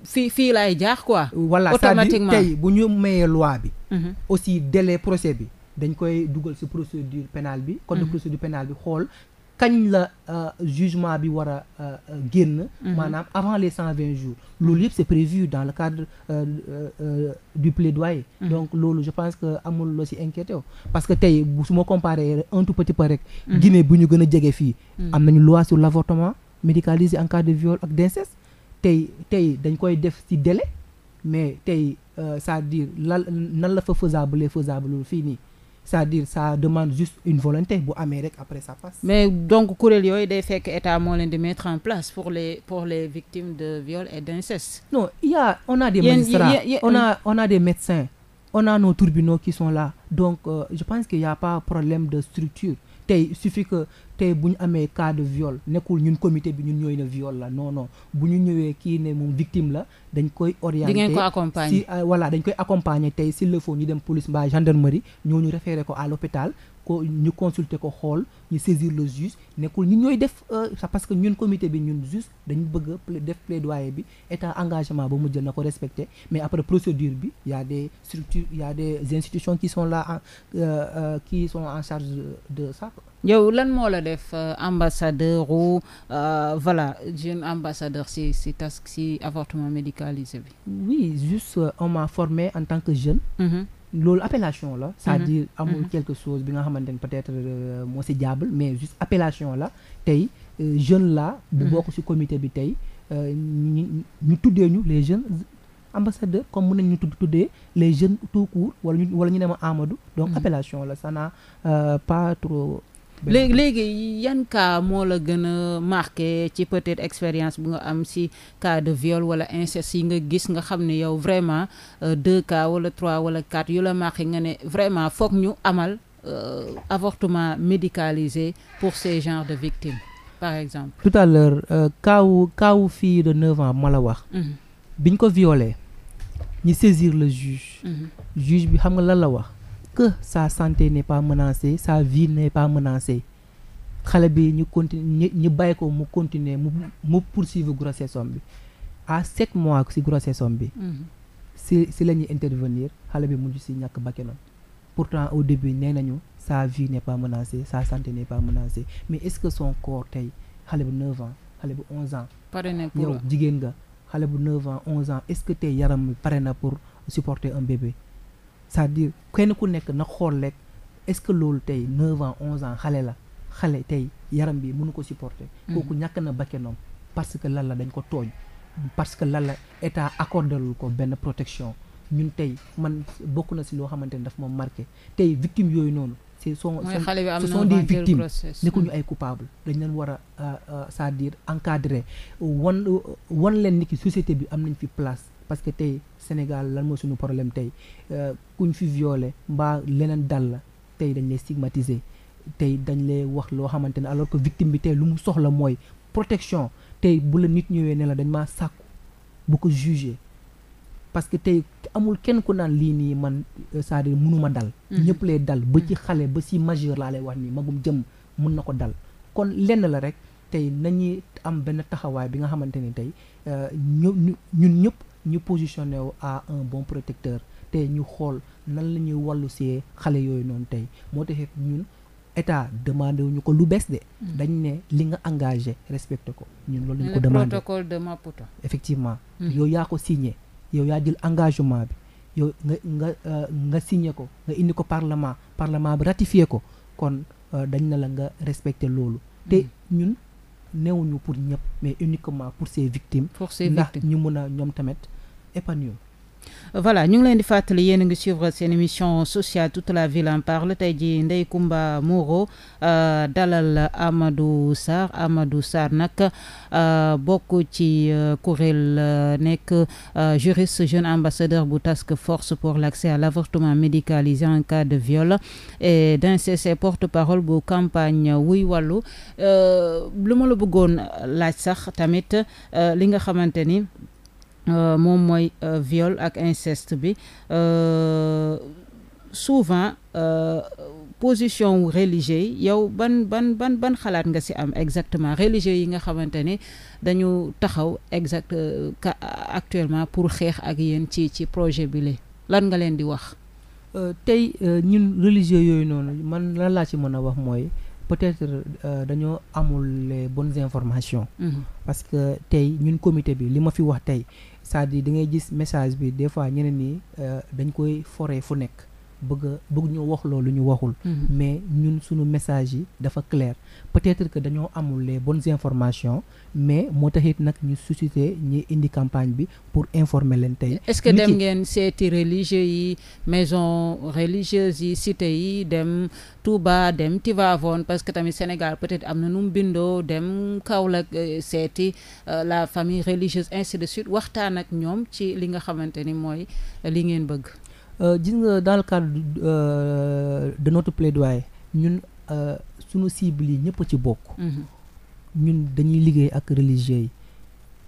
fii fii laay jaax quoi voilà automatiquement tey bu ñu mayee loi bi mhm. aussi délai procès bi dañ koy dugal ci procédure pénale bi code de mhm. procédure pénale bi xool kañ la euh, jugement bi war a euh, euh, génn mhm. maanaam avant les cent vingt jours loolu yëpp c'est prévu dans le cadre du plaidoyer mhm. donc loolu je pense que amul loo si inquiété wu parce que tey su ma comparé un tout petit peu rek mhm. Guinée bu ñu gën a jege fii am nañu loi sur l'avortement médicalisé en cas de viol ak d'inceste tey tey dañ koy def ci délai mais tey c'est-à-dire lan nan la fa faisable faisable fii nii c'est-à-dire ça demande juste une volonté bu amee rek après ça passe. mais donc kuréel yooyu day fekk état moo leen di mettre en place pour les pour victimes de viol et d'inceste. non il y a on a des magistrats a on a des médecins on a nos tribunaux qui sont là donc euh, je pense qu'il y a pas problème de structure tey suffit que tey bu ñu amee cas de viol nekkul ñun comité bi ñun ñooy ne viol la non bu ñu ñëwee kii ne moom victime la dañ koy orienté di ngeen ko euh, dañ koy accompagner tey si le faut ñu dem police mbaa gendarmerie ñu référé ko à l'hôpital ko ñu consulter ko xool ñu saisir le juge nekkul ñun ñooy def euh, parce que ñun comité bi ñun juste dañu bëgg a def plaidoyer bi état engagement ba mu jël na ko respecté mais après procédure bi y a des structures y a des institutions qui sont là en euh, euh, qui sont en charge de ça. yow lan moo la def ambassadeur ou voilà jeune ambassadeur si si tas si avortement médicalisé bi. oui juste on m'a formé en tant que jeune. Mm-hmm. loolu appellation la mhm. cest à amul mhm. quelque chose bi nga xamante ne peut-être euh, moo si jaabal mais juste appellation la tey euh, jeune la bu mhm. bokk si comité bi tey euh, ñu ñu tuddee ñu les jeunes ambassadeurs comme mun nañ ñu tudd tuddee les jeunes tout court wala ñu wala ñu ne ma Amadou donc appellation la ça n'a pas trop léegi léegi yan cas moo la gën a marqué ci peut-être expérience bu nga am si cas de viol wala inceste yi nga gis nga xam ni yow vraiment euh, deux cas wala trois wala quatre yu la marqué nga ne vraiment foog ñu amal euh, avortement médicalisé pour ces genres de victimes par exemple. tout à l'heure kaawu euh, kaawu fille de neuf ans ma la wax. Mm-hmm. biñ ko violé ñu saisir le juge. Mm juge bi xam nga lan la wax. que sa santé n'est pas menacée sa vie n'est pas menacée xale bi ñu continuer ñu bàyyi ko mu continuer mu mu poursuivre bi à sept mois si grossesse om bi si mm-hmm. si la ñuy intervenir xale bi mujj si ñàkk bakkanam pourtant au début nee nañu sa vie n'est pas menacée sa santé n'est pas menacée mais est-ce que son corps tey xale bu neuf ans xale bu onze ans yow jigéen nga xale bu neuf ans onze ans est-ce que tey yaram pare na pour supporter un bébé c'est-à-dire kenn ku nekk na xool rek est-ce que loolu tey 9 ans 11 ans xale la xale tey yaram bi munu ko supporter. Mm-hmm. kooku ñàkk na bakkanoom parce que lan la dañ ko tooñ. parce que lan la état accordélul ko benn protection ñun tey man bokk na si loo xamante ni daf ma marqué tey victime yooyu noonu. ce sont ce sont des victimes nekkuñu mm. ay coupable dañ leen war a euh, euh, c'est-à-dire encadrer wan leen ni ki société bi am nañ fi place. parce que tey Sénégal lan moo suñu problème tey euh, kuñ fi violé mbaa leneen dal la tey dañ lay stigmatiser tey dañ lay wax loo xamante ne alors que victime bi tey lu mu soxla mooy protection tey bu la nit ñëwee ne la dañ maa sàkku bu ko jugé parce que tey amul kenn ku naan lii nii man euh, c'est-à-dire mënuma dal mm-hmm. ñëpp lay dal ba ci mm-hmm. xale ba si majeur laa lay wax nii magum jëm mun na ko dal kon lenn la rek tey nañuy am benn taxawaay bi nga xamante ni tey euh, ñun ñëpp ñu positionné wu à un bon protecteur te ñu xool nan la ñuy wàllu see xale yooyu noonu tey moo taxee ñun état demandé wu ko lu bees de. Mm. dañ ne li nga engage respecté ko ñun loolu lañ ko demandé le protocole de Maputo. effectivement mm. yow yaa ko signé yow yaa jël engagement bi yow nga nga euh, nga signé ko nga indi ko parlement parlement bi ratifié ko kon euh, dañ na la nga respecté loolu te mm. ñun. néewuñu pour ñëpp mais uniquement pour ses victimes. pour ses ndax ñu mën a ñoom tamit épanouir. voilà ñu ngi leen di fàttali yéen a ngi suivre seen émission sociale toute la ville en parle tey jii ndey kumba Moreau euh, dalal Amadou Sarr Amadou Sarr nag euh, bokk ci euh, kuréel nekk juriste jeune ambassadeur bu task force pour l'accès à l'avortement médicalisé en cas de viol et d'inceste et porte-parole bu campagne wuy wallu lu ma la bëggoon laaj sax tamit li nga xamante ni Euh, moom mooy euh, viol ak inceste bi euh, souvent position wu religieux yi yow ban ban ban ban xalaat nga ci am exactement religieux yi nga xamante ne dañu taxaw exact actuellement pour xeex ak yéen ci ci projet bi la lan nga leen di wax. tey ñun religieux yooyu noonu man lan laa ci mën a wax mooy peut-être dañoo amul bonnes informations. Mhm. parce tey ñun comité bi li ma fi wax tey. cest yi dire da ngay gis message bi des fois ñeneen ñi euh, dañ koy foree fu nekk bëgg bëgg ñu wax lu ñu waxul mhm. mais ñun suñu message yi dafa clair peut-être que dañoo amul les bonnes informations mais moo taxit nag ñu suscité ñi indi campagne bi pour informer leen tey est-ce que dem ngeen seeti religieux yi maison religieuse yi cité yi dem Touba dem Tivaouane parce que tamit Sénégal peut-être am na nu mu bindoo dem Kaolack euh, seeti euh, la famille religieuse ainsi de suite waxtaan ak ñoom ci li nga xamante ni mooy li ngeen bëgg Euh, gis nga dans le cadre euh, de notre plaidoyer ñun euh, suñu cible yi ñëpp ci bokk. Mhm. ñun dañuy liggéey ak religieux yi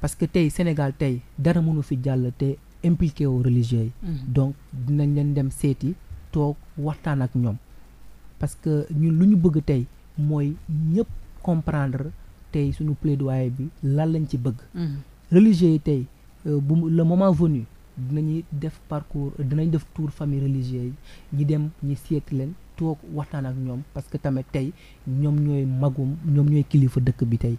parce que tey Sénégal tey dara mënu fi jàll te impliqué wu yi. Mhm. donc dinañ leen dem seeti toog waxtaan ak ñoom parce que ñun lu ñu bëgg tey mooy ñëpp comprendre tey suñu plaidoyer bi lan lañ ci bëgg. Mhm. religieux yi tey bu le moment venu. dinañuy def parcours dinañ def tour famille religieux yi ñi dem ñi seeti leen toog waxtaan ak ñoom parce que tamit tey ñoom ñooy magum ñoom ñooy kilifa dëkk bi tey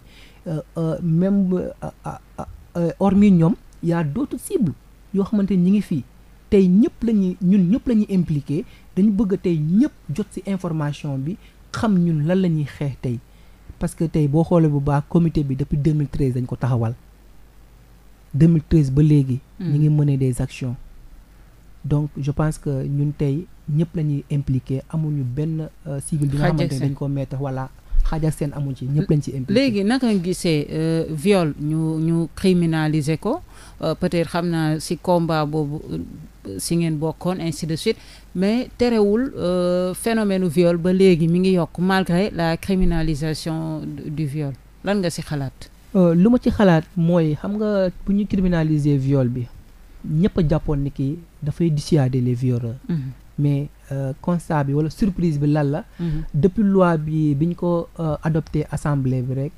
euh, euh, même euh, hormis ñoom y'a d'autres cibles yoo xamante ni ñi ngi fii tey ñëpp lañuy ñun ñëpp la ñuy impliqué dañu bëgg tey ñëpp jot ci information bi xam ñun lan la ñuy xeex tey parce que tey boo xoolee bu baax comité bi depuis 2013 dañ ko taxawal 2013 ba léegi. Hmm. ñu ngi mënee des actions. donc je pense que ñun tey ñëpp lañuy ñuy impliqué amuñu benn euh, civil bi nga xamante ne dañ ko mettre voilà xaaj seen amuñ ci ñëpp lañ ci impliqué. léegi naka nga gisee euh, viole ñu ñu criminaliser ko euh, peut-être xam naa si combat boobu si ngeen bokkoon si de suite mais terewul phénomène viole ba léegi mi ngi yokk malgré la criminalisation du viole lan nga si xalaat. Euh, lu ma ci xalaat mooy xam nga bu ñu criminaliser viol bi ñëpp jàppoon ni kii dafay dissuader les violeurs mm-hmm. mais euh, constat bi wala surprise bi lan la mm-hmm. depuis loi bi bi ñu ko euh, adopté assemblée bi rek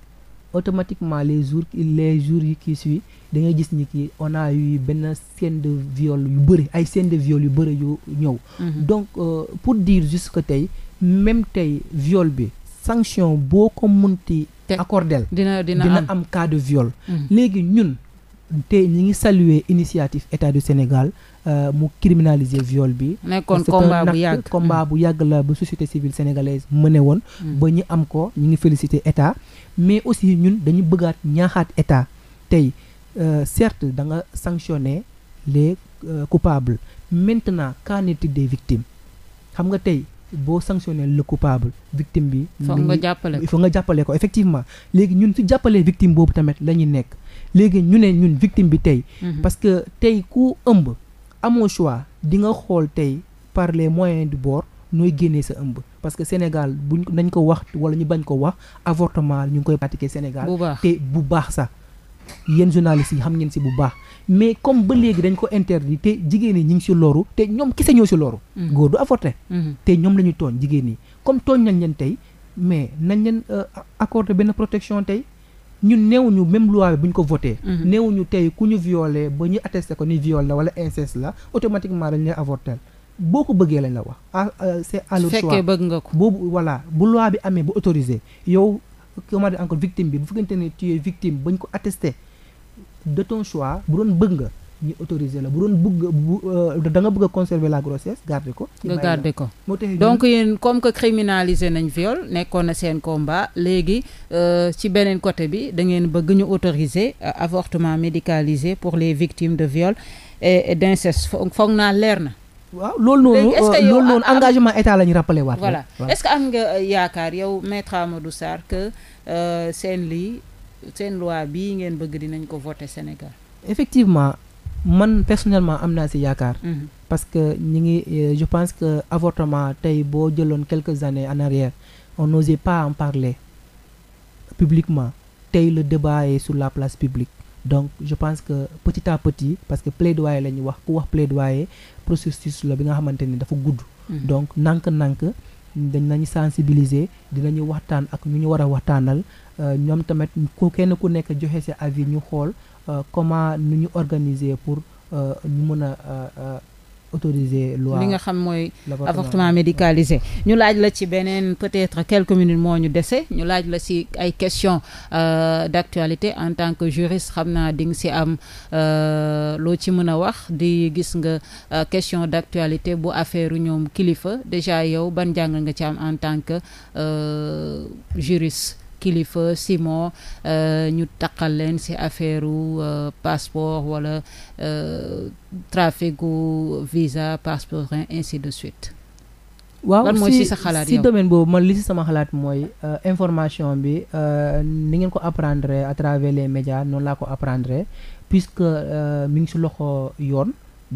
automatiquement les jours les jours yi kii suit da ngay gis ni kii on a benn scène de viol yu bëri ay scène de viol yu bëri yu ñëw mm-hmm. donc pour dire juste que tey même tey viol bi sanction boo ko munti accordel dina dina am cas de viol mm. léegi ñun te ñi ngi saluer initiative état du Sénégal euh, mu criminaliser viol bi nekkoon combat bu yàgg combat mm. bu yàgg la bu société civile sénégalaise ne woon mm. ba ñu am ko ñu ngi féliciter état mais aussi ñun dañu bëggaat ñaaxaat état tey euh, certes da nga sanctionner les euh, coupables maintenant qu'en est des victimes xam nga tey boo sanctionné le coupable victime bi. foog nga jàppale ko foog nga jàppale ko effectivement léegi ñun su jàppalee victime boobu tamit la ñu nekk léegi ñu ne ñun victime bi tey. Mhm. parce que tey ku ëmb amoo choix di xool tey par les moyens du bord nooy génnee sa ëmb. parce que Sénégal bu nañ ko wax wala ñu bañ ko wax avortement ñu ngi koy pratiquer Sénégal. te bu baax sax. yéen journalistes yi xam ngeen si bu baax mais comme ba léegi dañ ko interdit te jigéen ñi ñu ngi si loru te ñoom kese ñoo si loru. Mm-hmm. góor du avorté. Mm-hmm. te ñoom la ñuy tooñ jigéen ñi comme tooñ nañ leen tey mais nañ leen euh, accordé benn protection tey ñun néewuñu même loi bi bu ñu ko voté. Mm-hmm. néewuñu tey ku ñu violé ba ñu attesté ko ni viol la wala inceste la automatiquement dañ lay avorté. boo ko bëggee lañ la wax ah euh, c'est à leur choix fekkee bëgg boobu voilà bu loi amee bu comment dire encore victime bi bu fekkente ne tu es ko attesté de ton choix bu doon bëgg nga autoriser la bu doon bëgg bu euh, da nga bëgg a la grossesse garder ko. nga garder ko donc yéen comme que criminaliser nañ viol nekkoon na seen combat léegi euh, ci beneen côté bi dangeen bëgg ñu autoriser euh, avortement médicalisé pour les victimes de viol et d'inceste foog naa leer na. waaw loolu noonu euh, loolu noonu engagement état la ñu rappelé waat. voilà est-ce que am nga euh, yaakaar yow maître Amadou Sarr que euh, seen lii seen loi bii ngeen bëgg dinañ ko voter Sénégal. effectivement man personnellement am naa ci yaakaar. Mhm. parce que ñi ngi je pense que avortement tey boo jëloon quelques années en arrière on n'osait pas en parler publiquement tey le débat est sur la place publique donc je pense que petit à petit parce que plaidoyer la ñuy wax ku wax plaidoyer processus la bi nga xamante ni dafa gudd hmm. donc nànk-nànk dinañu sensibiliser dinañu waxtaan ak ñu ñu war a waxtaanal euh, ñoom tamit ku kenn ku nekk joxe sa avis ñu xool euh, comment ñu ñu organiser pour euh, ñu mën a autorisé loi li nga xam mooy avortement médicalisé ñu laaj la ci beneen peut-être quelques minutes moo ñu dese ñu laaj la si ay questions euh, d'actualité en tant que juriste xam naa di nga si am euh, loo ci mën a wax di gis nga euh, question d'actualité bu affaire ñoom kilifa déjà yow ban jàng nga ci am en tant que juriste kilifa Simon euh, ñu taqal leen ci affaire euh, passeport wala euh, trafic gu visa passeport ainsi de suite. waaw si si domaine boobu man li si sama xalaat mooy information bi ni ngeen ko apprendre à travers les médias noonu laa ko apprendre puisque mi ngi si loxo yoon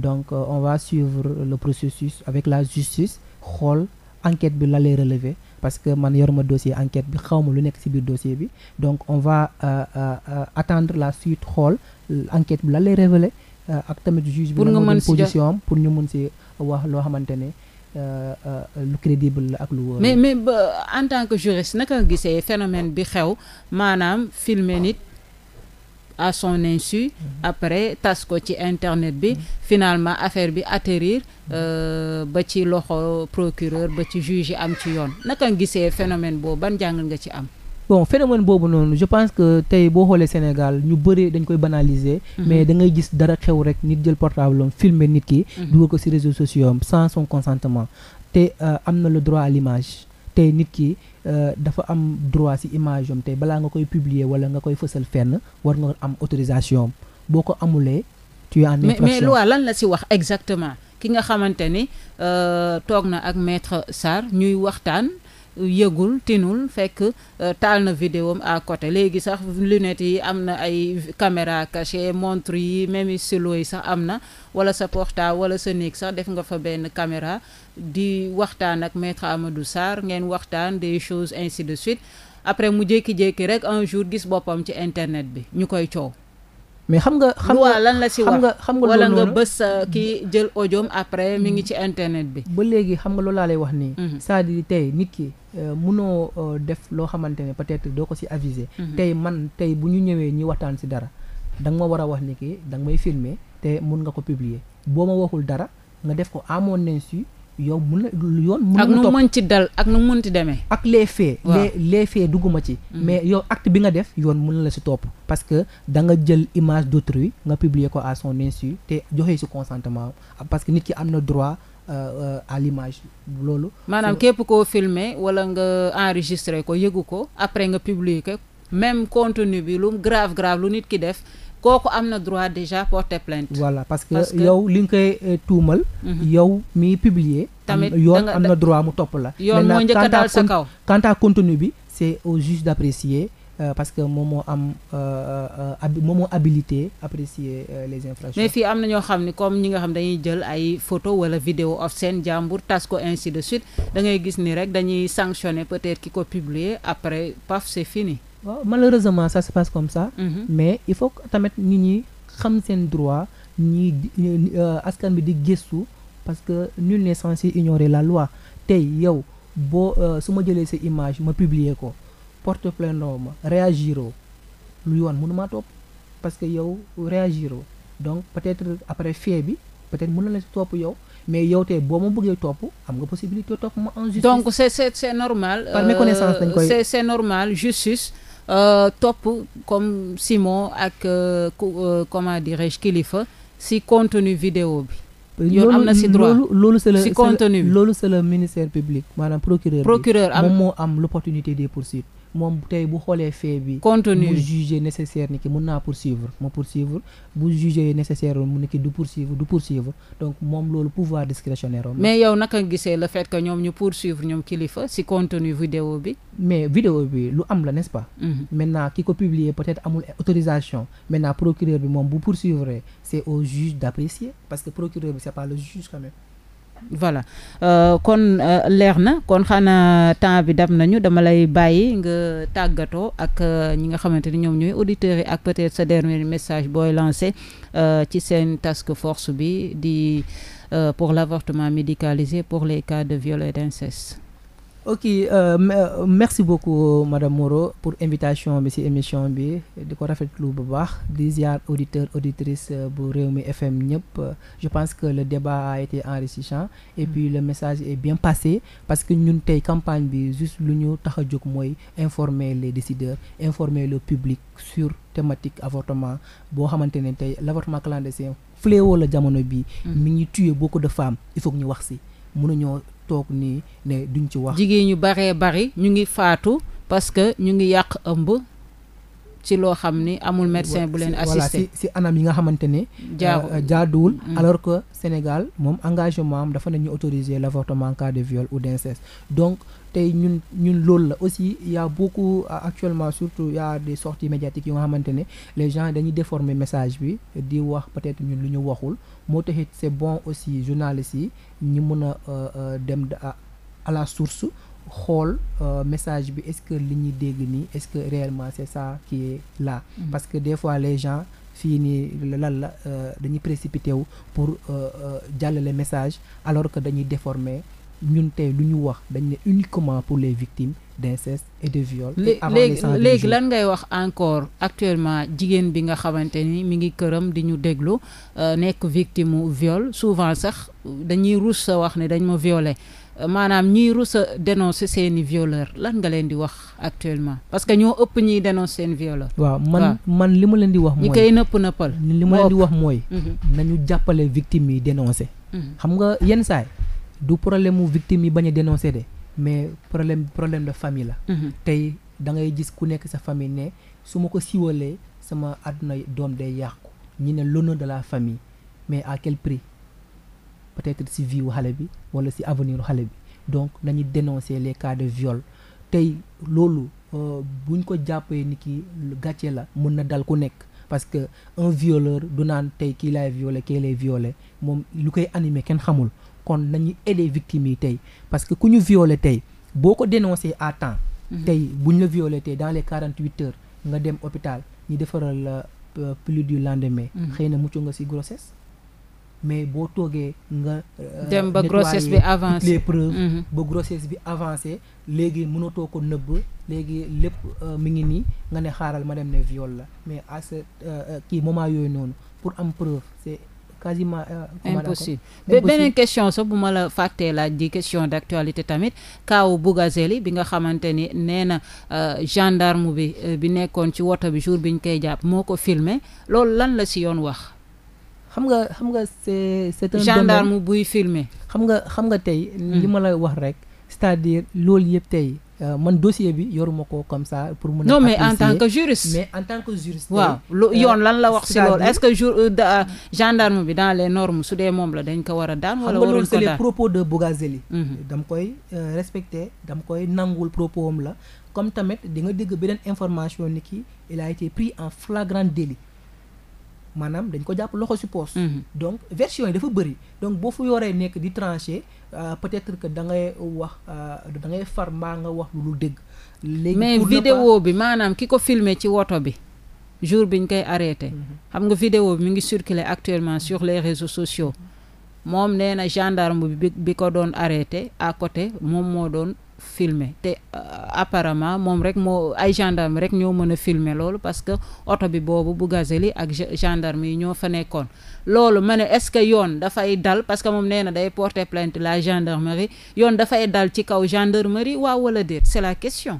donc on va suivre le processus avec la justice xool enquête bi la lay relever. parce que man yoruma dossier enquête bi xawma lu nekk ci biir dossier bi donc on va euh, euh, euh attendre la suite xool euh, enquête bi lan lay révéler euh, ak tamit juge bi nga mën position pour ñu mun ci wax loo xamante ne lu crédible la ak lu wóor mais mais en tant que juriste naka gisee phénomène bi xew maanaam filmer nit à son insu après tas ko ci internet bi finalement affaire bi atterrir euh, ba ci loxo procureur ba ci juge am ci yoon naka nga gisee phénomène boobu ban jàngal nga ci am bon phénomène boobu noonu je pense que tey boo xoolee Sénégal ñu bëri dañ koy banaliser. Mhm. mais da ngay gis dara xew rek nit jël portable am filmer nit ki. Mhm. dugal ko ci réseaux sociaux am sans son consentement te euh, am na le droit à l'image tey nit ki euh, dafa am droit ci image am tey balaa nga koy publier walla nga koy fësal fenn war nga am autorisation boo ko amulee mais es en mais loi lan la si wax exactement ki nga xamante ni euh, toog na ak metre Sarr ñuy waxtaan yëgul tinul fekk euh, taal na vidéo am à côté léegi sax lunettes yi am na ay caméra cachée montre yi même stylo yi sax am na wala sa portable wala sa néeg sax def nga fa benn caméra di waxtaan ak maître Amadou Sarr ngeen waxtaan des chose ainsi de suite après mu jékki-jékki rek un jour gis boppam ci internet bi ñu koy coow. mais xam nga xam nga lan la si wax xam nga wala nga bës euh, ki jël ojom après mi ngi ci internet bi. ba léegi xam nga loolu laa lay wax nii. Mhm. cest di tey nit ki euh, munoo euh, def loo xamante ne peut-être doo ko si aviser. Mhm. tey man tey bu ñu ñëwee ñi waxtaan si dara danga nga ma war a wax ni ki da nga may firmer te mun nga ko publier boo ma waxul dara nga def ko amoon nañ insu yow mun la yoon. mun na topp ak nu mën ci dal ak nu mën ti demee. ak les faits. les les faits dugguma ci. Mm-hmm. mais yow act bi nga def yoon mun na la si topp. parce que da nga jël image d'autrui nga publier ko à son insu te joxe si consentement parce que nit ki am na droit. Euh, euh à l'image loolu. maanaam képp ko filmer wala nga enregistrer ko yëgu ko après nga publier ko même contenu bi lu grave grave lu nit ki def. kooku am na droit déjà porter plainte voilà parce que yow li nga koy euh, tuumal mhm. yow mi publier tamit yoon am na droit mu topp la yow moo njëkk a daal sa kaw quant à bi c'est au juge d'apprécier Euh, parce que moom moo am euh, euh, moom moo habilité apprécier euh, les infractions. mais fii am na ñoo xam ne comme ñi nga xam dañuy jël ay photo wala vidéo of seen jàmbur tas ko ainsi de suite da ngay gis ni rek dañuy sanctionner peut-être ki ko publier après paf c'est fini. waaw malheureusement ça se passe comme ça. Mhm. mais il faut tamit ni ñi xam seen droit ñi euh, askan bi di gëstu parce que nul n'est censé ignorer la loi tey yow boo euh, su ma jëlee sa image ma publier ko porte plainte ma réagiroo lu yoon mënuma topp parce que yow réagiro donc peut-être après fait bi peut-être mën na la si topp yow mais yow tey boo ma buggee topp am nga possibilité topp ma en justice. donc c'est c'est c'est normal. par méconnaissance dañ euh, koy c'est c'est Euh, topp comme Simon ak euh, euh, comment dirais-je kilifa si contenu vidéo bi. yoon am na si droit loolu c'est si contenu bi loolu c'est le ministère public maanaam procureur. procureur am moom moo am l'opportunité des poursuites. moom tey bu xoolee fait bi. contenu mu nécessaire ni ki mun naa poursuivre ma poursuivre bu jugé nécessaire mu ni ki du poursuivre du poursuivre donc moom loolu pouvoir discrétionnaire am. mais yow naka gisee la fait que ñoom ñu poursuivre ñoom kilifa si contenu vidéo bi. mais vidéo bi lu am la n'est-ce pas. Mm -hmm. ki ko publier peut-être amul autorisation maintenant procureur bi moom bu poursuivre c'est au juge d'apprécier parce que procureur bi c'est pas voilà euh, kon euh, leer na kon xanaa temps bi dab nañu dama lay bàyyi nga tàggatoo ak euh, ñi nga xamante ni ñoom ñooy auditeurs yi ak peut-être sa dernier message booy lancé ci seen task force bi di pour l'avortement médicalisé pour les cas de viol et d'inceste ok euh, euh, merci beaucoup madame moro pour invitation bi ci émission bi di ko rafetlu bu baax di ziar auditeur auditrice euh, bu réew mi FM ñëpp je pense que le débat a été enrichissant et puis mm. le message est bien passé parce que ñun tey campagne bi juste lu ñu tax a jóg mooy informer les décideurs informer le public sur thématique avortement boo xamante ne tey l'avortement si fléau la jamono bi mm. mi ngi tuer beaucoup de femmes il faut ñu wax ci mënuñoo toog nii ne duñ ci wax. jigéen ñu baree bari ñu ngi faatu parce que ñu ngi yàq ëmb ci loo xam ni amul médecin bu leen. assister si anam yi nga xamante ne. Euh, jaaduwul mm. alors que Sénégal moom engagement am dafa ne ñu autoriser l' avortement en cas de viol ou d' donc. tey ñun ñun loolu la aussi y' a euh, actuellement surtout y' a des sorties médiatiques yu nga xamante ne les gens dañuy déformer message bi di wax peut-être ñun lu ñu waxul moo taxit c' est bon aussi journalistes yi ñu mën a euh, euh, dem à la source xool message bi est-ce que li ñu dégg nii est-ce que réellement c'est ça qui est là mm-hmm. parce que des fois les gens fii nii lan la dañuy précipité wu pour jàllale message alors que dañuy déformer ñun tey lu ñu wax dañ ne uniquement pour les victimes d'inceste et de viol. léegi léegi lan ngay wax encore actuellement jigéen bi nga xamante ni mi ngi këram di ñu déglu euh, nekk victime mu viol souvent sax dañuy rus sa wax ne dañ ma violé euh, maanaam ñiy rus a dénoncer seeni violeur lan nga leen di wax actuellement parce que ñoo ëpp ñiy dénoncer seen violeur. waaw man man li ma leen di wax. mooy ñi koy nëpp nëppal. li ma leen di wax mooy. Mhm. nañu jàppale victimes yi dénoncer. Mhm. xam nga yenn saay du problème mu victime yi bañ a dénoncé de mais problème problème de famille la. Mhm. tey da ngay gis ku nekk sa famille ne su ma ko siwalee sama àdduna doom day yàqu. ñi ne l'honneur de la famille mais à quel prix peut-être si vie xale bi walla si avenir xale bi donc nañu dénoncer les cas de viol tey loolu euh, buñ ko jàppee nit ki gàcce la mën na dal ku nekk. parce que un violeur du naan tey kii laay viole kii lay violé moom lu koy animé kenn xamul. kon nañu aider victimes yi tey parce que ku ñu violé tey boo ko dénoncé à temps. Mhm. tey bu ñu la violé tey dans les quarante huit heures nga dem hôpital ñu defaral la euh, plus du lendemain. Mhm. xëy na mucc nga ci grossesse. mais boo toogee nga. Euh, dem ba grossesse bi avancé les preuves. Mhm. ba bi avancé léegi mënatoo ko nëbb léegi lépp euh, mu ngi nii nga ne xaaral ma dem ne viol la mais à ce kii moment yooyu noonu pour am preuve c'est quasiment. Euh, impossible mais beneen question sax bu ma la fàttee laaj di question d' actualité tamit kaawu Bougazelli bi nga xamante ni nee na euh, gendarme bi euh, bi nekkoon ci woto bi jour bi ñu koy jàpp moo ko filmer loolu lan la si yoon wax. xam nga xam nga c'est c'est un gendarme buy filmer xam nga xam nga tey. Hmm. li ma la wax rek cest à loolu yëpp tey. Euh, man dossier bi yoruma ko comme ça pour mun a. non mais en tant que juriste. mais en tant que juriste. waaw euh, lu yoon euh, lan la wax si loolu est-ce que jour gendarme bi dans les norme su dee moom la dañ ko war a daan. wala waruñ ko daan xam nga loolu c'est les propos de Bougazelli. Mhm. dam koy respecté dam koy nangul propos am la comme tamit di nga dégg beneen information ni ki il a été pris en flagrant délit. maanaam dañ ko jàpp loxo si poos mhm. donc version yi dafa bëri donc boo fu yoree nekk di tranché euh, peut-être que da ngay wax euh, da ngay far maa nga wax lu dégg léegi mais vidéo bi maanaam ki ko filmer ci woto bi jour biñ koy arrêté mhm. xam nga vidéo bi mi ngi circuler actuellement sur les réseaux sociaux moom nee na gendarme bi bi ko doon arrêté à côté moom moo doon filme te euh, apparemment moom rek moo ay gendarme rek ñoo mën a filmer loolu parce que oto bi boobu bu gazeli ak gendarme yi ñoo fa nekkoon loolu ma ne est-ce que yoon dafay dal parce que moom nee na day porter plainte la gendarmerie yoon dafay dal ci kaw gendarmerie waaw wala déet c'est la question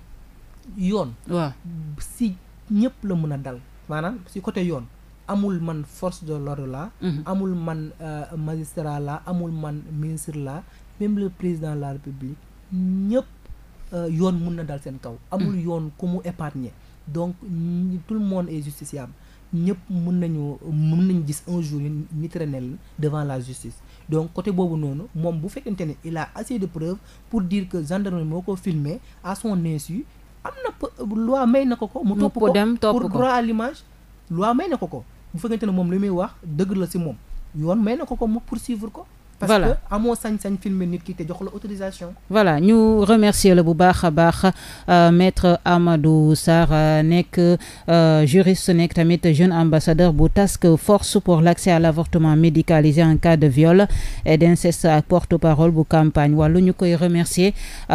yoon waaw si ñëpp la mën a dal maanaam si côté yoon amul man force de l'ordre la mhm. amul man euh, magistrat la amul man ministre la même le président de la république ñëpp euh, yoon mun na dal seen kaw. amul mm. yoon ku mu épargner donc tout le monde est justiciable ñëpp mun nañu mun nañu gis un jour nitrinel devant la justice. donc côté boobu noonu moom bu fekkente ne il a assez de preuves pour dire que gendarmerie moo ko filmé à son insu am na loi may na ko ko. mu topp ko dem topp ko pour droit à loi may na ko ko bu fekkente ne moom li muy wax dëgg la si moom yoon may na ko ko mu poursuivre ko. parce que amoo sañ-sañ filmer nit ki te jox la autorisation. voilà ñu remercier la bu baax a baax euh, maître Amadou Sarr euh, nekk euh, juriste nekk tamit jeune ambassadeur bu task force pour l'accès à l'avortement médicalisé en cas de viol et d'inceste ak porte-parole bu campagne wàllu ñu koy remercier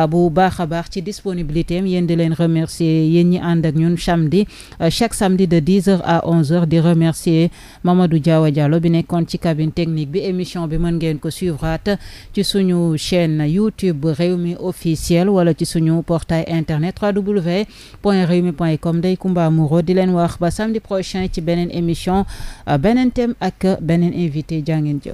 bu baax a baax ci disponibilité am yéen di leen remercier yéen ñi ànd ak ñun samedi chaque samedi de 10h à 11h di remercier Mamadou Diawa Diallo bi nekkoon ci cabine technique bi émission bi mën ngeen ko. suivraat ci suñu chaîne YouTube Rewmi officiel wala ci suñu portail internet www.rewmi.com Ndeye Comba Moreau di leen wax ba samedi prochain ci beneen émission beneen thème ak beneen invité jaa jëf.